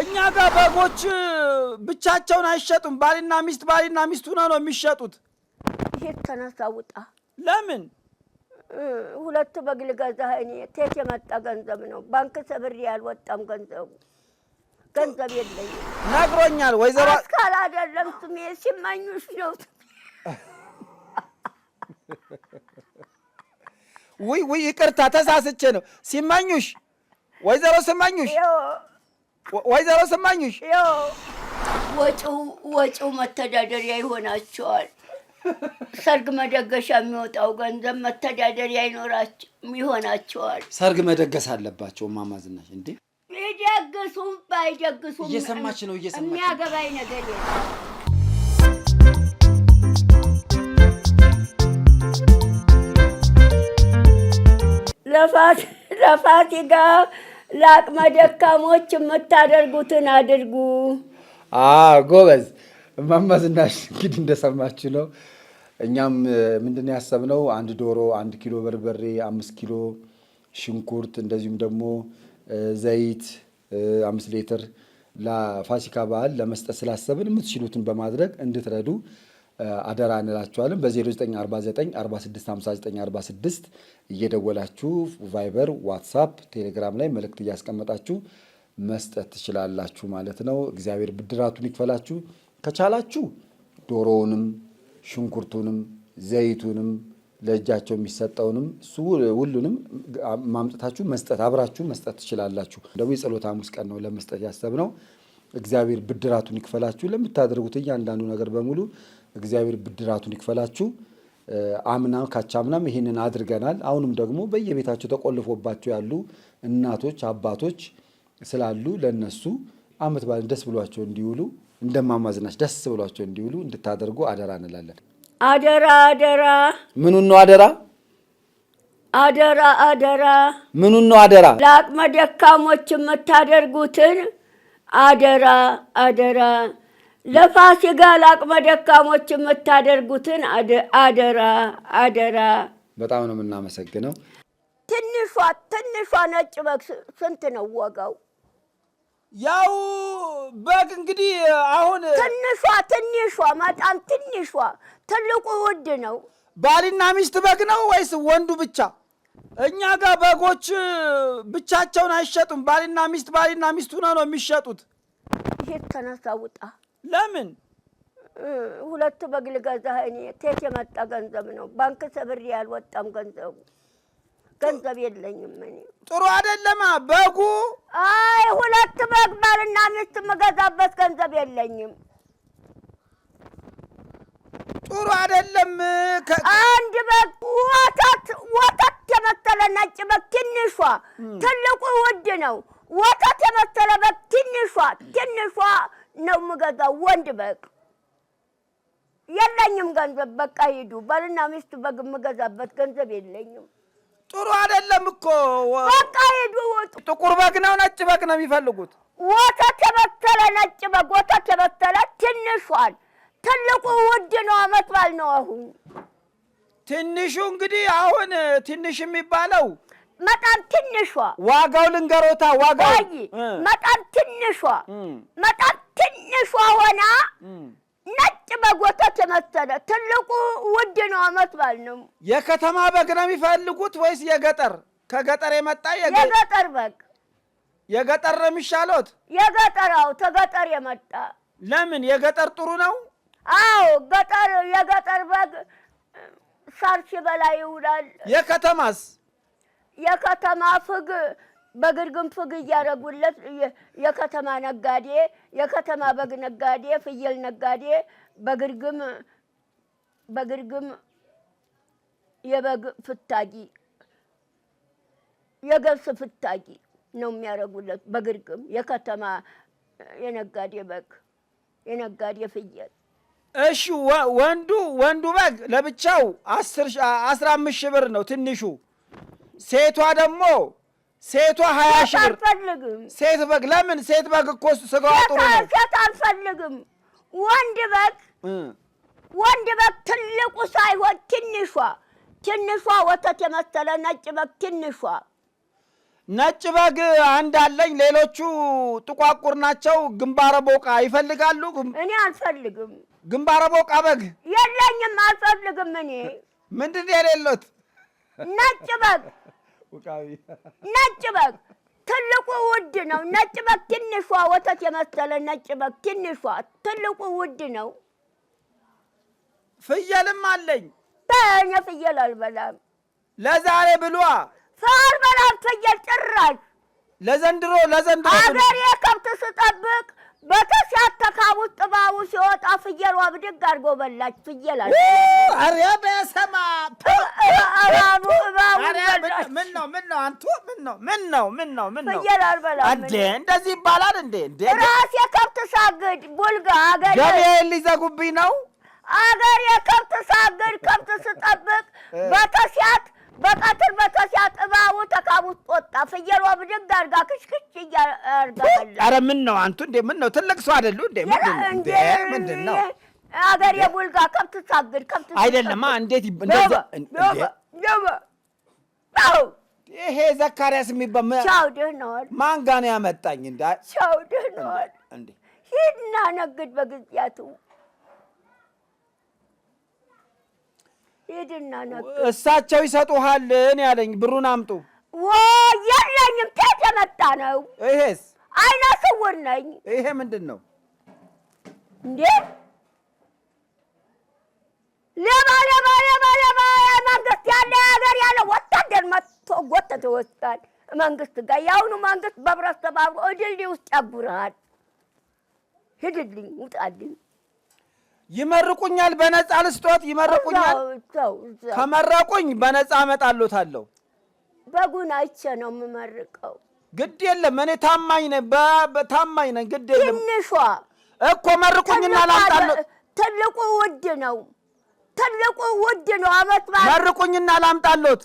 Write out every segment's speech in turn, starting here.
እኛ ጋር በጎች ብቻቸውን አይሸጡም። ባልና ሚስት ባልና ሚስት ሆነ ነው የሚሸጡት። ይሄ ተነሳ ውጣ። ለምን ሁለት በግ ልገዛ? እኔ ቴት የመጣ ገንዘብ ነው። ባንክ ሰብሬ ያልወጣም ገንዘቡ ገንዘብ የለኝም። ነግሮኛል ወይዘሮ አስካል አይደለም ስሜ ሲመኙሽ ነው። ውይ ውይ፣ ይቅርታ ተሳስቼ ነው። ሲመኙሽ ወይዘሮ ሲመኙሽ ወይዘሮ ስማኝሽ ያው ወጪው ወጪው መተዳደሪያ ይሆናቸዋል። ሰርግ መደገሻ የሚወጣው ገንዘብ መተዳደሪያ ይሆናቸዋል። ሰርግ መደገስ አለባቸው። እማማ ዝናሽ እንዴ ይደግሱም ባይደግሱም እየሰማች ነው እየሰማች የሚያገባኝ ነገር የለም። ለፋት ለፋት ጋር ለአቅመ ደካሞች የምታደርጉትን አድርጉ። ጎበዝ እማማዝናሽ እንግዲህ እንደሰማችሁ ነው። እኛም ምንድን ያሰብነው አንድ ዶሮ፣ አንድ ኪሎ በርበሬ፣ አምስት ኪሎ ሽንኩርት እንደዚሁም ደግሞ ዘይት አምስት ሌትር ለፋሲካ በዓል ለመስጠት ስላሰብን የምትችሉትን በማድረግ እንድትረዱ አደራ እንላችኋለን። በ0949465946 እየደወላችሁ ቫይበር፣ ዋትሳፕ፣ ቴሌግራም ላይ መልእክት እያስቀመጣችሁ መስጠት ትችላላችሁ ማለት ነው። እግዚአብሔር ብድራቱን ይክፈላችሁ። ከቻላችሁ ዶሮውንም ሽንኩርቱንም ዘይቱንም ለእጃቸው የሚሰጠውንም ሁሉንም ማምጠታችሁ መስጠት አብራችሁ መስጠት ትችላላችሁ። ደግሞ የጸሎተ ሐሙስ ቀን ነው ለመስጠት ያሰብነው። እግዚአብሔር ብድራቱን ይክፈላችሁ ለምታደርጉት እያንዳንዱ ነገር በሙሉ እግዚአብሔር ብድራቱን ይክፈላችሁ። አምና ካቻምናም ይህንን አድርገናል። አሁንም ደግሞ በየቤታቸው ተቆልፎባቸው ያሉ እናቶች አባቶች ስላሉ ለነሱ አመት በዓልን ደስ ብሏቸው እንዲውሉ እንደማማዝናች ደስ ብሏቸው እንዲውሉ እንድታደርጉ አደራ እንላለን። አደራ አደራ። ምኑን ነው አደራ? አደራ አደራ። ምኑን ነው አደራ? ለአቅመ ደካሞች የምታደርጉትን አደራ አደራ ለፋሲካ ለአቅመ ደካሞች የምታደርጉትን አደራ አደራ። በጣም ነው የምናመሰግነው። ትንሿ ትንሿ ነጭ በግ ስንት ነው ወጋው? ያው በግ እንግዲህ አሁን ትንሿ ትንሿ መጣም ትንሿ፣ ትልቁ ውድ ነው። ባልና ሚስት በግ ነው ወይስ ወንዱ ብቻ? እኛ ጋር በጎች ብቻቸውን አይሸጡም። ባልና ሚስት ባልና ሚስት ሆነው ነው የሚሸጡት። ይሄ ተነሳ ውጣ ለምን ሁለት በግ ልገዛህ? እኔ ቴት የመጣ ገንዘብ ነው። ባንክ ሰብሬ ያልወጣም ገንዘቡ ገንዘብ የለኝም እኔ። ጥሩ አይደለማ በጉ። አይ ሁለት በግ ባልና ሚስት የምገዛበት ገንዘብ የለኝም። ጥሩ አይደለም። አንድ በግ ወተት ወተት የመሰለ ነጭ በግ ትንሿ፣ ትልቁ ውድ ነው። ወተት የመሰለ በግ ትንሿ ትንሿ ነው የምገዛው። ወንድ በግ የለኝም ገንዘብ። በቃ ሂዱ። ባልና ሚስት በግ የምገዛበት ገንዘብ የለኝም። ጥሩ አይደለም እኮ በቃ ሂዱ። ወጡ ጥቁር በግ ነው ነጭ በግ ነው የሚፈልጉት? ወተት የበተለ ነጭ በግ፣ ወተት የበተለ ትንሿን። ትልቁ ውድ ነው፣ አመት ባል ነው አሁን ትንሹ እንግዲህ አሁን ትንሽ የሚባለው መጣም ትንሿ ዋጋው ልንገሮታ ዋጋው መጣም ትንሿ መጣም ትንሿ ሆና ነጭ በጎተት የመሰለ ትልቁ ውድ ነው። አመት በዓል ነው። የከተማ በግ ነው የሚፈልጉት ወይስ የገጠር? ከገጠር የመጣ የገጠር በግ የገጠር ነው የሚሻሎት? የገጠር አዎ፣ ከገጠር የመጣ ለምን? የገጠር ጥሩ ነው። አዎ፣ ገጠር የገጠር በግ ሳር ሲበላ ይውላል። የከተማስ? የከተማ ፍግ በግርግም ፍግ እያደረጉለት የከተማ ነጋዴ፣ የከተማ በግ ነጋዴ፣ ፍየል ነጋዴ በግርግም በግርግም የበግ ፍታጊ የገብስ ፍታጊ ነው የሚያደርጉለት። በግርግም የከተማ የነጋዴ በግ የነጋዴ ፍየል። እሺ ወንዱ ወንዱ በግ ለብቻው አስራ አምስት ሺህ ብር ነው ትንሹ። ሴቷ ደግሞ ሴቷ ሀያ ሺህ ብር አልፈልግም። ሴት በግ ለምን? ሴት በግ እኮ ስጋዋ ጥሩ ነው። ሴት አልፈልግም። ወንድ በግ ወንድ በግ ትልቁ ሳይሆን ትንሿ ትንሿ ወተት የመሰለ ነጭ በግ ትንሿ ነጭ በግ አንድ አለኝ። ሌሎቹ ጥቋቁር ናቸው። ግንባረ ቦቃ ይፈልጋሉ። እኔ አልፈልግም። ግንባረ ቦቃ በግ የለኝም፣ አልፈልግም። እኔ ምንድን የሌሎት? ነጭ በግ ነጭ በግ ትልቁ ውድ ነው። ነጭ በግ ትንሿ ወተት የመሰለ ነጭ በግ ትንሿ፣ ትልቁ ውድ ነው። ፍየልም አለኝ። በእኔ ፍየል አልበላም ለዛሬ ብሏ ሰው አልበላም ፍየል ጭራሽ። ለዘንድሮ ለዘንድሮ አገሬ ከብት ስጠብቅ በተሳተካ ውስጥ ጥባቡ ሲወጣ ፍየሏ ብድግ አድርጎ በላች። ፍየላች በሰማ ምን ነው ምን ነው አንቱ ምን ነው ምን ነው ምን ነው ምን ነው ፍየል አልበላ እንዴ! እንደዚህ ይባላል እንዴ! እንዴ! ሳግድ ቡልጋ አገር ሊዘጉብኝ ነው። አገር የከብት ሳግድ ከብት ስጠብቅ በተሲያት በቀትር በተሲያ ጥባቡ ተካቡት ወጣ ፍየሏ ብድግ አርጋ ክሽክሽ እያርጋለ። አረ ምን ነው አንቱ እንዴ? ምን ነው ትልቅ ሰው አይደሉ እንዴ? ምንድን ነው አገር የቡልጋ ከብት ሳግድ ከብት አይደለማ። እንዴት ይሄ ዘካርያስ የሚባል ማን ጋር ነው ያመጣኝ? እንደ ሂድና ነግድ በጊዜያቱ ሂድና እሳቸው ይሰጡሃልን ያለኝ ብሩን አምጡ። የለኝም። ቴት የመጣ ነው። ይሄስ አይነ ስውር ነኝ። ይሄ ምንድን ነው እንዴ? ሌባ ሌባ ሌባ ሌባ መንግስት ያለ ሀገር ያለ ወታደር መጥቶ ጎተተ ይወስዳል። መንግስት ጋር የአሁኑ መንግስት በብረት ተባብሮ እድል ውስጥ ያጉርሃል። ሂድልኝ፣ ውጣልኝ ይመርቁኛል። በነፃ ልስጦት። ይመርቁኛል። ከመረቁኝ በነፃ አመጣሎታለሁ። በጉን አይቼ ነው የምመርቀው። ግድ የለም እኔ ታማኝ ነኝ፣ ታማኝ ነኝ። ግድ የለም ትንሿ እኮ መርቁኝና ላምጣሎት። ትልቁ ውድ ነው፣ ትልቁ ውድ ነው። አመት በዓል መርቁኝና ላምጣሎት።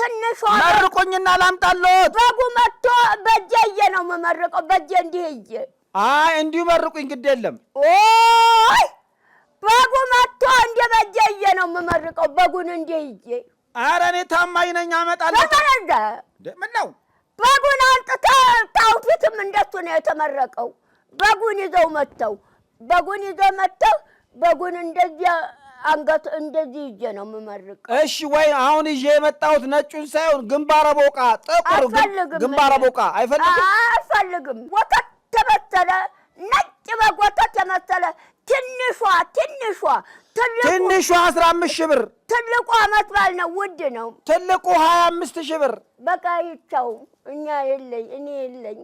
ትንሿ መርቁኝና ላምጣሎት። በጉ መጥቶ በእጄ ነው የምመርቀው። በእጄ እንዲህ እዬ አይ እንዲሁ መርቁኝ። ግድ የለም ይ በጉ መጥቶ እንደ በጀዬ ነው የምመርቀው። በጉን እንደ ይዤ ኧረ እኔ ታማኝ ነኝ አመጣለሁ። ምን ነው በጉን አንጥተህ ጣውፊትም እንደሱ ነው የተመረቀው። በጉን ይዘው መጥተው በጉን ይዘው መጥተው በጉን እንደዚያ አንገት እንደዚህ ይዤ ነው የምመርቅ። እሺ ወይ አሁን ይዤ የመጣሁት ነጩን ሳይሆን ግንባረ ቦቃ ጥቁር ግንባረ ቦቃ አይፈልግም፣ አልፈልግም። ወተት ተመሰለ ነጭ በግ ወተት የመሰለ ትንሿ ትንሿ ትንሿ አስራ አምስት ሺህ ብር ትልቁ አመት በዓል ነው፣ ውድ ነው። ትልቁ ሀያ አምስት ሺህ ብር በቃ ይቻው እኛ የለኝ እኔ የለኝ።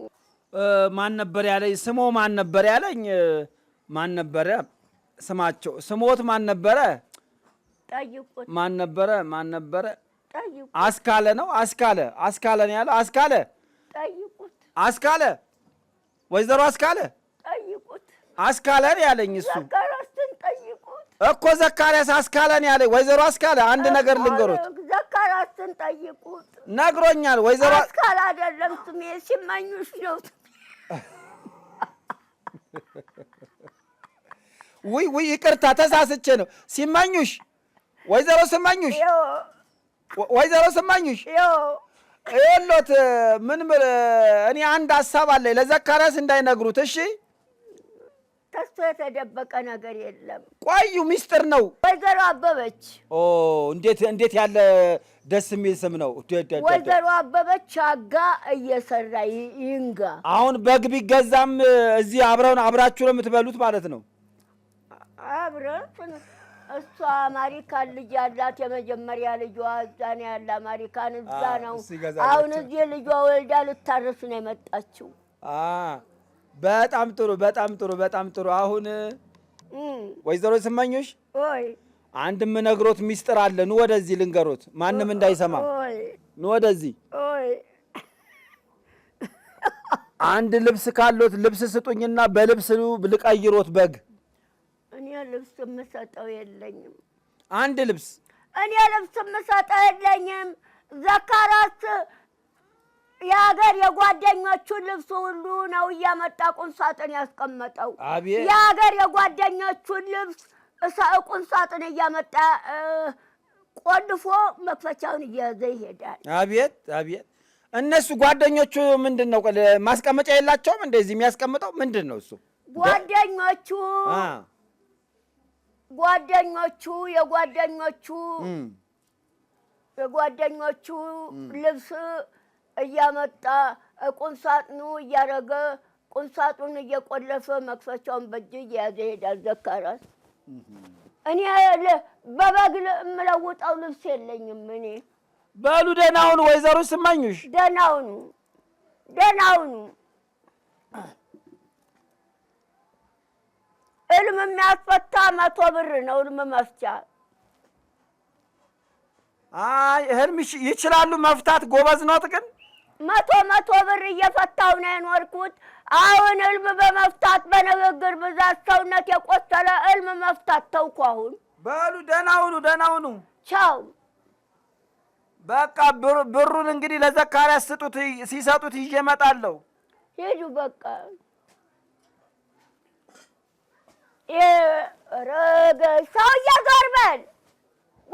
ማን ነበር ያለኝ? ስሞ ማን ነበር ያለኝ? ማን ነበረ ስማቸው? ስሞት ማን ነበረ? ጠይቁት። ማን ነበረ? ማን ነበረ? ጠይቁት። አስካለ ነው። አስካለ አስካለ ነው ያለ አስካለ። ጠይቁት። አስካለ ወይዘሮ አስካለ አስካለን ያለኝ እሱ እኮ ዘካርያስ አስካለን ያለኝ ወይዘሮ አስካለ አንድ ነገር ልንገሩት ዘካርያስን ጠይቁት ነግሮኛል። ወይዘሮ አስካለ አይደለም ስሜ ሲመኙሽ ነው። ውይ ውይ፣ ይቅርታ ተሳስቼ ነው። ሲመኙሽ ወይዘሮ ስመኙሽ ወይዘሮ ስመኙሽ ይኸውልዎት፣ ምን እኔ አንድ ሀሳብ አለኝ ለዘካርያስ እንዳይነግሩት እሺ ተስቶ የተደበቀ ነገር የለም። ቆዩ ሚስጥር ነው። ወይዘሮ አበበች እንዴት እንዴት ያለ ደስ የሚል ስም ነው። ወይዘሮ አበበች አጋ እየሰራ ይንጋ። አሁን በግ ቢገዛም እዚህ አብረውን አብራችሁ ነው የምትበሉት ማለት ነው። አብረን እሷ አማሪካን ልጅ ያላት የመጀመሪያ ልጇ እዛ ነው ያለ። አማሪካን እዛ ነው አሁን እዚህ ልጇ ወልዳ ልታረሱ ነው የመጣችው። በጣም ጥሩ በጣም ጥሩ በጣም ጥሩ። አሁን ወይዘሮ ስመኞሽ አንድ የምነግሮት ሚስጥር አለ። ኑ ወደዚህ ልንገሮት፣ ማንም እንዳይሰማ። ኑ ወደዚህ። አንድ ልብስ ካሎት ልብስ ስጡኝና በልብስ ልቀይሮት በግ። እኔ ልብስ የምሰጠው የለኝም። አንድ ልብስ እኔ ልብስ የምሰጠው የለኝም። ዘካራስ የሀገር የጓደኞቹን ልብስ ሁሉ ነው እያመጣ ቁም ሳጥን ያስቀመጠው። የሀገር የጓደኞቹን ልብስ ቁም ሳጥን እያመጣ ቆልፎ መክፈቻውን እየያዘ ይሄዳል። አቤት አቤት! እነሱ ጓደኞቹ ምንድን ነው ማስቀመጫ የላቸውም? እንደዚህ የሚያስቀምጠው ምንድን ነው እሱ? ጓደኞቹ ጓደኞቹ የጓደኞቹ የጓደኞቹ ልብስ እያመጣ ቁንሳጥኑ እያረገ ቁም እየቆለፈ መክፈቻውን በእጅ እየያዘ ይሄዳል ዘካራስ። እኔ በበግ የምለውጠው ልብስ የለኝም። እኔ በሉ ደህናውኑ ወይዘሮ ስመኞሽ ደህናውኑ ደህናውኑ እልም የሚያስፈታ መቶ ብር ነው። እልም መፍቻ አይ፣ እህልም ይችላሉ መፍታት። ጎበዝ ኖት ግን መቶ መቶ ብር እየፈታው ነው የኖርኩት። አሁን እልም በመፍታት በንግግር ብዛት ሰውነት የቆሰለ እልም መፍታት ተውኩ። አሁን በሉ ደህና ሁኑ፣ ደህና ሁኑ። ቻው። በቃ ብሩን እንግዲህ ለዘካርያስ ስጡት። ሲሰጡት ይዤ እመጣለሁ። ሂዱ በቃ ሰውዬ ጋር በል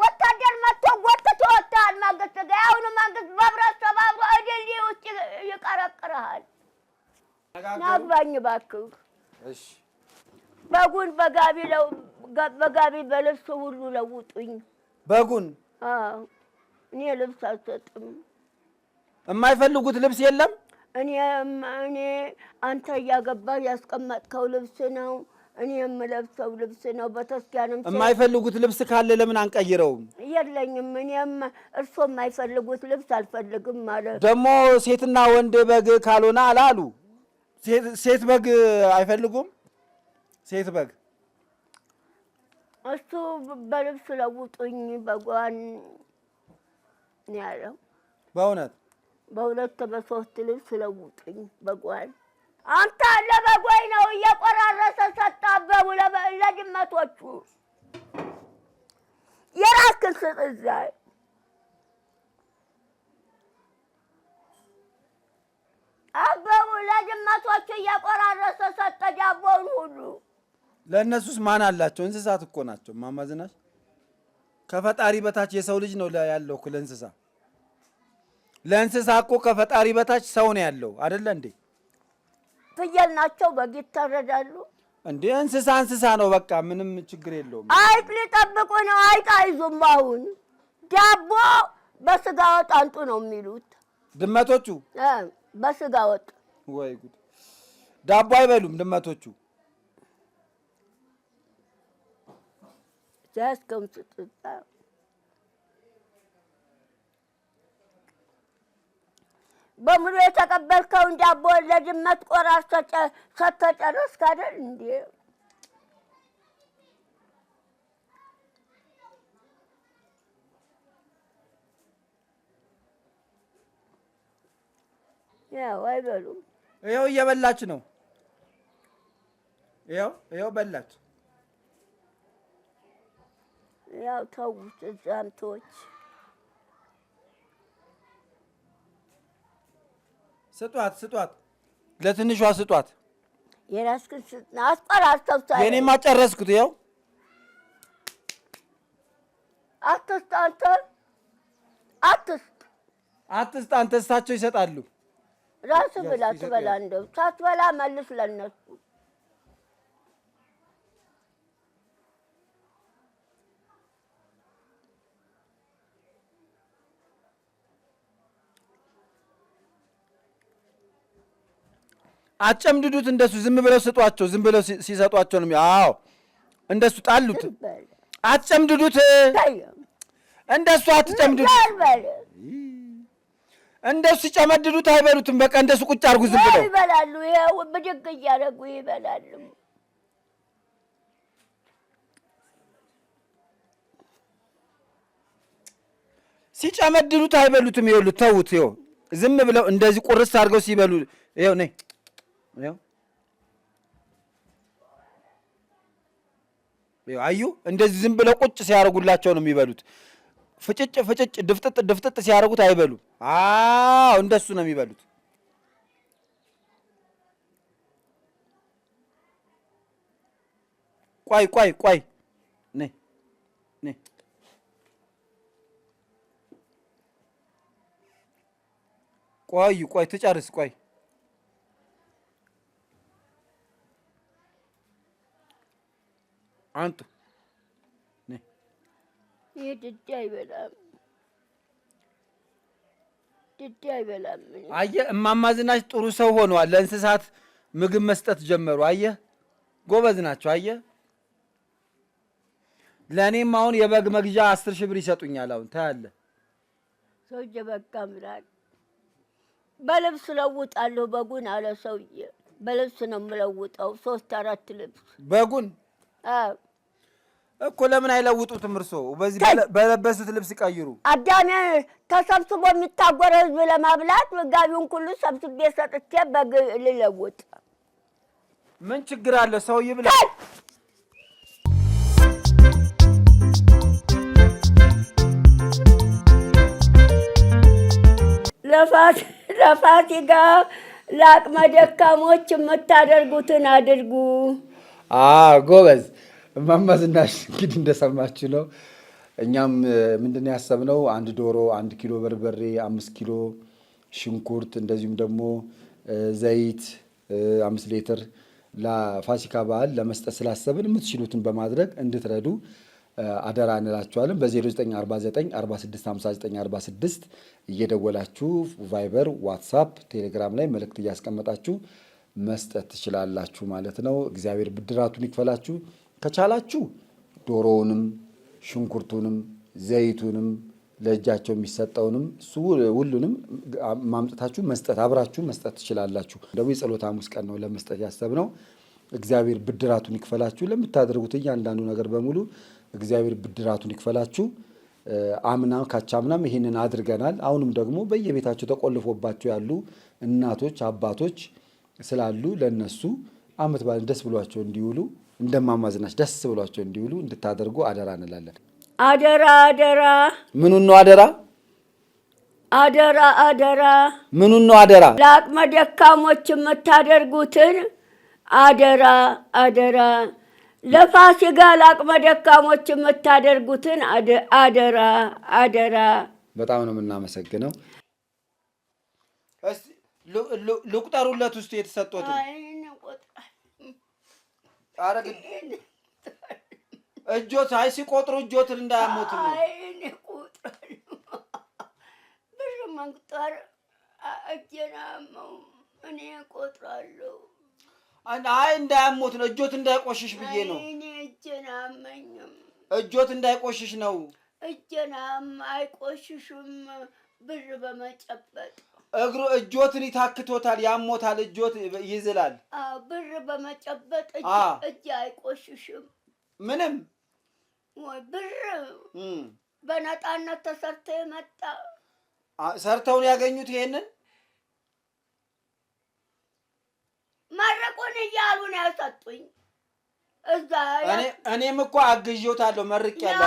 ወታደር መጥቶ ጎትቶ ወጥተሃል። መንግስት ጋ የአሁኑ መንግስት በብረት ተባብሮ እድልድይ ውስጥ ይቀረቅርሃል። ናግባኝ እባክህ። በጉን በጋቢ በጋቢ በልብሱ ሁሉ ለውጡኝ። በጉን እኔ ልብስ አልሰጥም። የማይፈልጉት ልብስ የለም። እኔ እኔ አንተ እያገባህ ያስቀመጥከው ልብስ ነው እኔ የምለብሰው ልብስ ነው። በተስኪያንም የማይፈልጉት ልብስ ካለ ለምን አንቀይረውም? የለኝም። እኔም እርሶ የማይፈልጉት ልብስ አልፈልግም ማለት ደግሞ ሴትና ወንድ በግ ካልሆነ አላሉ። ሴት በግ አይፈልጉም። ሴት በግ እሱ በልብስ ለውጡኝ በጓን ያለው በእውነት በሁለት በሶስት ልብስ ለውጡኝ በጓን አንተ ለበጎይ ነው እየቆራረሰ ሰጣበቡ ለድመቶቹ የራስክን ስጥ እዛ አበቡ ለድመቶቹ እየቆራረሰ ሰጠ ዳቦውን ሁሉ ለእነሱስ ማን አላቸው እንስሳት እኮ ናቸው ማማዝናሽ ከፈጣሪ በታች የሰው ልጅ ነው ያለው ለእንስሳ ለእንስሳ እኮ ከፈጣሪ በታች ሰው ነው ያለው አደለ እንዴ ፍየል ናቸው፣ በግ ይታረዳሉ። እንዴ እንስሳ እንስሳ ነው። በቃ ምንም ችግር የለውም። አይጥ ሊጠብቁ ነው። አይጥ አይዙም። አሁን ዳቦ በስጋ ወጥ አንጡ ነው የሚሉት ድመቶቹ። በስጋ ወጥ ወይ ጉድ! ዳቦ አይበሉም ድመቶቹ። ዛስከም በሙሉ የተቀበልከው ዳቦ ለድመት ቆራርሶ ሰጥተህ ጨረስክ አይደል እንዴ? ያው አይበሉም። ይኸው እየበላች ነው። ይኸው ይኸው በላች። ያው ተውት እዛምቶች ስጧት፣ ስጧት፣ ለትንሿ ስጧት። የራስክን አስቆር አስተውታ የኔም አጨረስኩት። አትስጥ አንተ አትስጥ አትስጥ አንተ ስታቸው ይሰጣሉ። ራሱ ብላ ትበላ እንደው ሳትበላ መልስ ለነሱ አጨምድዱት። እንደሱ ዝም ብለው ስጧቸው። ዝም ብለው ሲሰጧቸው ነው። አዎ እንደሱ ጣሉት። አጨምድዱት። እንደሱ አትጨምድዱት። እንደሱ ሲጨመድዱት አይበሉትም። በቃ እንደሱ ቁጭ አድርጉ። ዝም ብለው ይበላሉ። ይኸው ብድግ እያደረጉ ይበላሉ። ሲጨመድዱት አይበሉትም። ይኸውልህ ተውት። ይኸው ዝም ብለው እንደዚህ ቁርስ አድርገው ሲበሉ ይኸው ነይ አዩ እንደዚህ ዝም ብለው ቁጭ ሲያደርጉላቸው ነው የሚበሉት። ፍጭጭ ፍጭጭ ድፍጥጥ ድፍጥጥ ሲያደርጉት አይበሉም። አዎ እንደሱ ነው የሚበሉት። ቋይ ቋይ ቋይ ቆይ ቆይ ትጨርስ ቆይ አንጡ ይህ ድድ አይበላም፣ ድድ አይበላም። አየህ እማማ ዝናሽ ጥሩ ሰው ሆነዋል። ለእንስሳት ምግብ መስጠት ጀመሩ። አየህ ጎበዝ ናቸው። አየህ ለእኔም አሁን የበግ መግዣ አስር ሺህ ብር ይሰጡኛል። አሁን ታያለህ። ሰውዬ በቃ ምላል በልብስ ለውጣለሁ። በጉን አለ ሰውዬ፣ በልብስ ነው የምለውጠው ሶስት አራት ልብስ በጉን እኮ ለምን አይለውጡትም? እርሶ በዚህ በለበሱት ልብስ ቀይሩ። አዳሜ ተሰብስቦ የሚታጎር ህዝብ ለማብላት መጋቢውን ሁሉ ሰብስቤ ሰጥቼ በግ ልለውጥ። ምን ችግር አለ? ሰው ይብላ። ለፋሲካ ለአቅመ ደካሞች የምታደርጉትን አድርጉ። ጎበዝ እማማ እንግዲህ እንደሰማች ነው። እኛም ምንድን ነው ያሰብነው አንድ ዶሮ፣ አንድ ኪሎ በርበሬ፣ አምስት ኪሎ ሽንኩርት እንደዚሁም ደግሞ ዘይት አምስት ሌትር ለፋሲካ በዓል ለመስጠት ስላሰብን የምትችሉትን በማድረግ እንድትረዱ አደራ እንላችኋለን። በ0949465946 እየደወላችሁ ቫይበር፣ ዋትሳፕ፣ ቴሌግራም ላይ መልእክት እያስቀመጣችሁ መስጠት ትችላላችሁ ማለት ነው። እግዚአብሔር ብድራቱን ይክፈላችሁ። ከቻላችሁ ዶሮውንም ሽንኩርቱንም ዘይቱንም ለእጃቸው የሚሰጠውንም እሱ ሁሉንም ማምጠታችሁ መስጠት አብራችሁ መስጠት ትችላላችሁ። ደግሞ የጸሎት ሐሙስ ቀን ነው ለመስጠት ያሰብነው። እግዚአብሔር ብድራቱን ይክፈላችሁ። ለምታደርጉት እያንዳንዱ ነገር በሙሉ እግዚአብሔር ብድራቱን ይክፈላችሁ። አምና ካቻምናም ይህንን አድርገናል። አሁንም ደግሞ በየቤታቸው ተቆልፎባቸው ያሉ እናቶች አባቶች ስላሉ ለነሱ አመት በዓልን ደስ ብሏቸው እንዲውሉ እንደማማዝናች ደስ ብሏቸው እንዲውሉ እንድታደርጉ አደራ እንላለን። አደራ አደራ። ምኑን ነው አደራ? አደራ አደራ። ምኑን ነው አደራ? ለአቅመ ደካሞች የምታደርጉትን አደራ አደራ። ለፋሲካ ለአቅመ ደካሞች የምታደርጉትን አደራ አደራ። በጣም ነው የምናመሰግነው። ልቁጠሩለት ውስጥ የተሰጡትን ኧረ እጆት አይ ሲቆጥሩ እጆት እንዳያሞት ነው። እኔ ቁጥር ብር መቁጠር እጄን አመው እኔ አይ እንዳያሞት ነው። እጆት እንዳይቆሽሽ ብዬ ነው። እኔ እጄን አመኝም። እጆት እንዳይቆሽሽ ነው። እጄን አይቆሽሽም ብር በመጨበጥ እግሩ እጆትን ይታክቶታል፣ ያሞታል፣ እጆት ይዝላል። ብር በመጨበጥ እጅ አይቆሽሽም ምንም። ወይ ብር በነጣነት ተሰርቶ የመጣ ሰርተውን ያገኙት ይሄንን መርቁን እያሉ ነው ያሰጡኝ። እዛ እኔም እኮ አግዤዎታለሁ መርቅ ያለ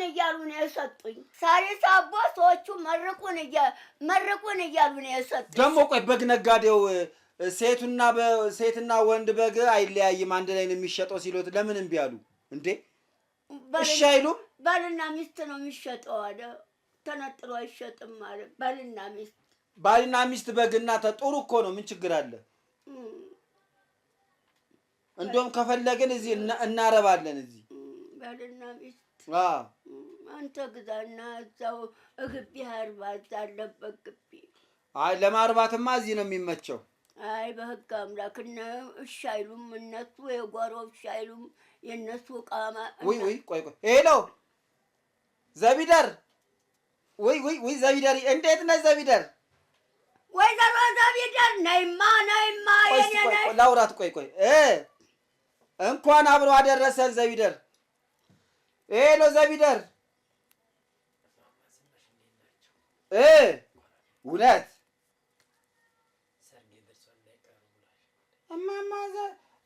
መርቁን እያሉ ነው የሰጡኝ። ሳሪስ አቦ ሰዎቹ መርቁን መርቁን እያሉ ነው የሰጡኝ። ደግሞ ቆይ በግ ነጋዴው ሴቱና ሴትና ወንድ በግ አይለያይም አንድ ላይ ነው የሚሸጠው ሲሎት ለምን እምቢ አሉ እንዴ? እሺ አይሉም። ባልና ሚስት ነው የሚሸጠው አለ። ተነጥሎ አይሸጥም አለ። ባልና ሚስት ባልና ሚስት በግና ተጥሩ እኮ ነው። ምን ችግር አለ? እንደውም ከፈለግን እዚህ እናረባለን። እዚህ ባልና ሚስት አንተ ግዛና እዛው እግቢ አርባት አለበት ግቢ። አይ ለማርባትማ እዚህ ነው የሚመቸው። አይ በህግ አምላክ እሺ አይሉም እነሱ የጓሮ እሺ አይሉም የእነሱ ቃማ። ውይ ውይ፣ ቆይ ቆይ፣ ሄሎ ዘቢደር፣ ውይ ውይ ውይ፣ ዘቢደር እንዴት ነህ ዘቢደር? ወይዘሮ ዘቢደር ነይማ፣ ነይማ የኔ ነይ፣ ላውራት። ቆይ ቆይ እ እንኳን አብሮ አደረሰን ዘቢደር። ሄሎ ዘቢደር እውነት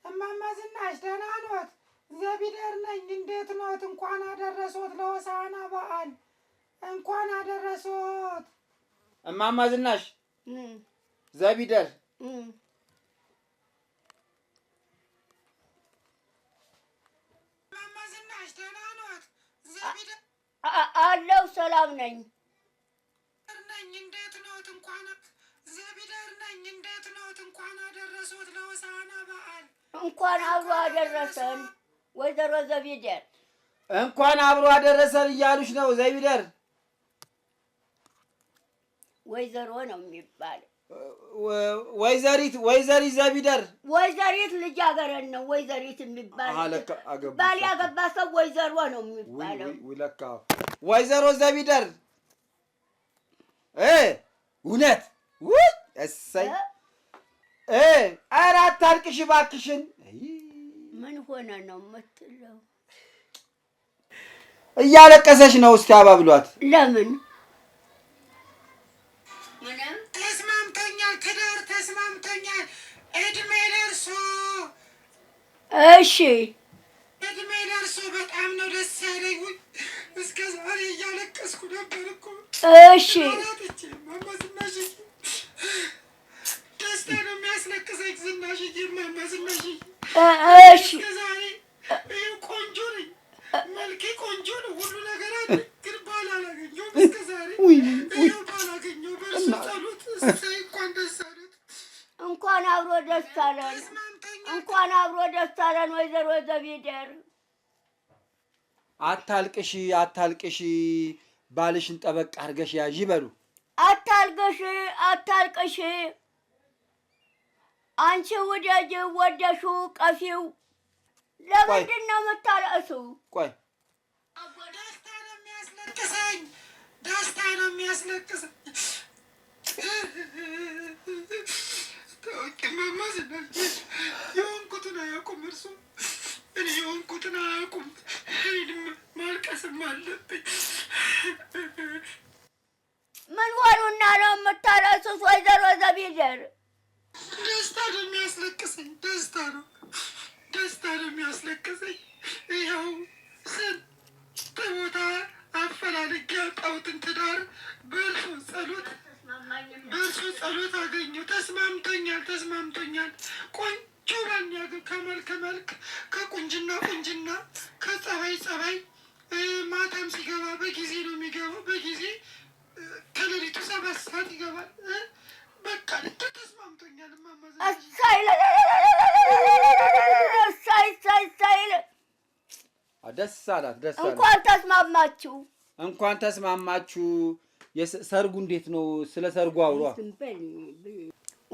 እማማ ዝናሽ ደህና ኖት? ዘቢደር ነኝ። እንዴት ኖት? እንኳን አደረሶት ለሆሳዕና በዓል እንኳን አደረሶት። እማማ ዝናሽ ዘቢደር አለው። ሰላም ነኝ እንዴት ነዎት? እንኳን ዘቢደር ነኝ። እንዴት ነዎት? እንኳን አደረሶት ለሆሳዕና በዓል። እንኳን አብሮ አደረሰን ወይዘሮ ዘቢደር። እንኳን አብሮ አደረሰን እያሉሽ ነው ዘቢደር። ወይዘሮ ነው የሚባለው። ወይዘሪት ወይዘሪት ዘቢደር ወይዘሪት ልጃገረድ ነው ወይዘሪት የሚባለው። ባል ያገባ ሰው ወይዘሮ ነው የሚባለው። ወይዘሮ ዘቢደር እውነት ውይ እሰይ። ኧረ አታልቅሽ እባክሽን። ምን ሆነ ነው የምትለው? እያለቀሰች ነው። እስኪ አባብሏት። ለምን ተስማምቶኛል፣ ትዳር ተስማምቶኛል፣ እድሜ ደርሶ እሺ፣ እድሜ ደርሶ በጣም ነው ደስ ያለኝ። እስከ ዛሬ እያለቀስኩ ነበር እኮ እሺ እንኳን አብሮ ደስ አለን። እንኳን አብሮ ደስ አለን። ወይዘሮ ዘቢደር አታልቅሺ፣ አታልቅሺ ባልሽን ጠበቅ አርገሽ ያዥ ይበሉ። አታልቀሽ፣ አታልቀሽ አንቺ ውደጅ ወደሹ ቀፊው ለምንድን ነው የምታለቅሱ? ቆይ ደስታ ነው የሚያስለቅሰኝ፣ ደስታ ነው የሚያስለቅሰኝ። ታወቂማማ ዝናሽ የሆንኩትን አያውቁም፣ እርሱ እኔ የሆንኩትን አያውቁም። ማልቀስም አለብኝ ምን ሆኑና ነው የምታለቅሱት? ወይዘሮ ዘቢደር ደስታ ነው የሚያስለቅሰኝ። ደስታ ነው ደስታ ነው የሚያስለቅሰኝ። ይኸው ስንት ቦታ አፈላልጌ ያጣሁትን ትዳር በእርሱ ጸሎት በእርሱ ጸሎት አገኘሁ። ተስማምቶኛል ተስማምቶኛል። ቆንጆ ባል ያገ ከመልክ መልክ ከቁንጅና ቁንጅና ከጸባይ ጸባይ ማታም ሲገባ አላት። ደስ እንኳን ተስማማችሁ፣ እንኳን ተስማማችሁ። ሰርጉ እንዴት ነው? ስለ ሰርጉ አውሯ።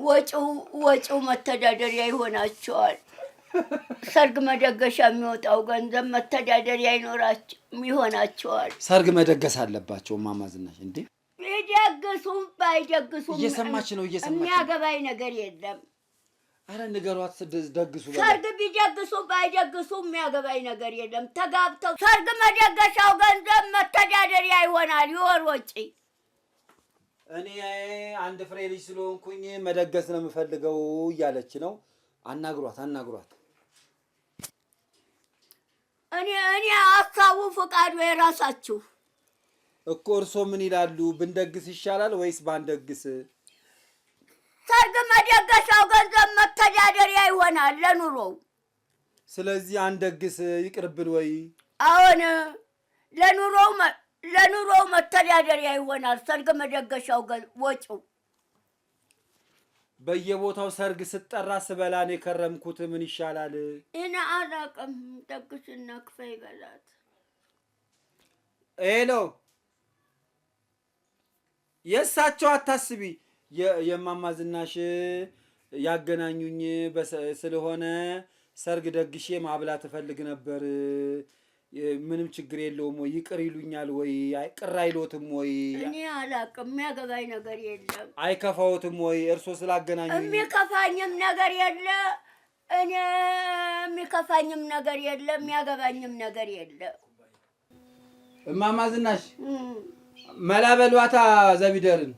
ወጪው ወጪው መተዳደሪያ ይሆናቸዋል። ሰርግ መደገሻ የሚወጣው ገንዘብ መተዳደሪያ ይኖራቸው ይሆናቸዋል። ሰርግ መደገስ አለባቸው። እማማ ዝናሽ እንዴ ይደግሱም ባይደግሱም እየሰማች ነው። እየሰማች የሚያገባኝ ነገር የለም አረ ንገሯት፣ ደግሱ። ሰርግ ቢደግሱ ባይደግሱ የሚያገባኝ ነገር የለም። ተጋብተው ሰርግ መደገሻው ገንዘብ መተዳደሪያ ይሆናል ይወር ወጪ። እኔ አንድ ፍሬ ልጅ ስለሆንኩኝ መደገስ ነው የምፈልገው እያለች ነው። አናግሯት፣ አናግሯት። እኔ እኔ አካቡ ፈቃዱ የራሳችሁ እኮ። እርሶ ምን ይላሉ? ብንደግስ ይሻላል ወይስ ባንደግስ? ሰርግ መደገሻው ገንዘብ መተዳደሪያ ይሆናል ለኑሮው። ስለዚህ አንደግስ ይቅርብን ወይ? አሁን ለኑሮው ለኑሮው መተዳደሪያ ይሆናል ሰርግ መደገሻው ወጪው። በየቦታው ሰርግ ስጠራ ስበላን የከረምኩት ምን ይሻላል? ይህን አላቅም። ደግስና ክፈ ይበላት። ይሄ ነው የእሳቸው አታስቢ የማማዝናሽ ያገናኙኝ ስለሆነ ሰርግ ደግሼ ማብላት እፈልግ ነበር። ምንም ችግር የለውም ወይ? ይቅር ይሉኛል ወይ? ቅር አይሎትም ወይ? እኔ አላቅም። የሚያገባኝ ነገር የለም። አይከፋውትም ወይ? እርሶ ስላገናኙ የሚከፋኝም ነገር የለ። እኔ የሚከፋኝም ነገር የለ፣ የሚያገባኝም ነገር የለ። እማማዝናሽ መላበሏታ ዘቢደርን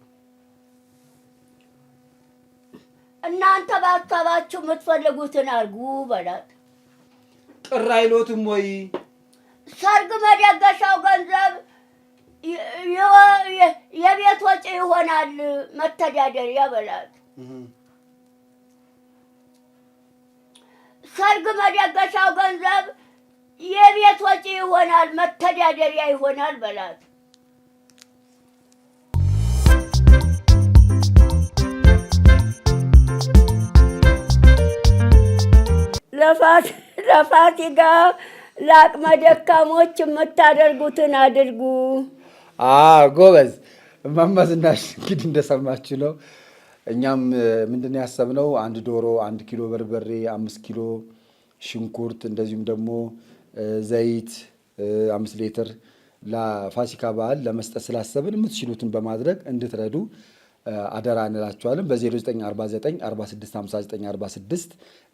እናንተ ባታባችሁ የምትፈልጉትን አርጉ በላት። ቅር አይሎትም ወይ? ሰርግ መደገሻው ገንዘብ የቤት ወጪ ይሆናል መተዳደሪያ በላት። ሰርግ መደገሻው ገንዘብ የቤት ወጪ ይሆናል መተዳደሪያ ይሆናል በላት። ለፋሲጋ ለአቅመ ደካሞች የምታደርጉትን አድርጉ። ጎበዝ ማማዝናሽ እንግዲህ እንደሰማችሁ ነው። እኛም ምንድን ያሰብነው አንድ ዶሮ፣ አንድ ኪሎ በርበሬ፣ አምስት ኪሎ ሽንኩርት እንደዚሁም ደግሞ ዘይት አምስት ሌትር ለፋሲካ በዓል ለመስጠት ስላሰብን የምትችሉትን በማድረግ እንድትረዱ አደራ እንላችኋለን። በ0949465946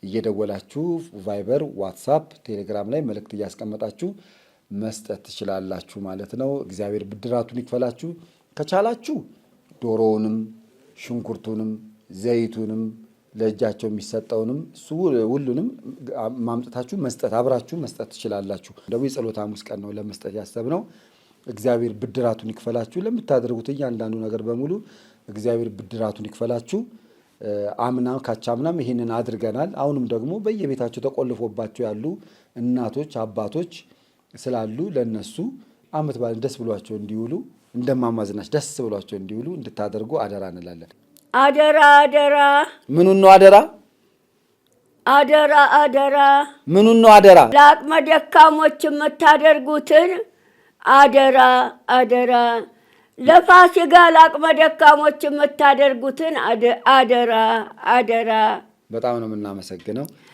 እየደወላችሁ ቫይበር፣ ዋትሳፕ፣ ቴሌግራም ላይ መልእክት እያስቀመጣችሁ መስጠት ትችላላችሁ ማለት ነው። እግዚአብሔር ብድራቱን ይክፈላችሁ። ከቻላችሁ ዶሮውንም ሽንኩርቱንም ዘይቱንም ለእጃቸው የሚሰጠውንም እሱ ሁሉንም ማምጠታችሁ መስጠት አብራችሁ መስጠት ትችላላችሁ። ደግሞ የጸሎት ሐሙስ ቀን ነው ለመስጠት ያሰብነው። እግዚአብሔር ብድራቱን ይክፈላችሁ ለምታደርጉት እያንዳንዱ ነገር በሙሉ እግዚአብሔር ብድራቱን ይክፈላችሁ። አምና ካቻምናም ይህንን አድርገናል። አሁንም ደግሞ በየቤታቸው ተቆልፎባቸው ያሉ እናቶች አባቶች ስላሉ ለነሱ አመት በዓልን ደስ ብሏቸው እንዲውሉ እንደማማዝናች ደስ ብሏቸው እንዲውሉ እንድታደርጉ አደራ እንላለን። አደራ አደራ። ምኑን ነው አደራ? አደራ አደራ። ምኑን ነው አደራ? ለአቅመ ደካሞች የምታደርጉትን አደራ አደራ ለፋሲካ ለአቅመ ደካሞች የምታደርጉትን አደራ አደራ። በጣም ነው የምናመሰግነው።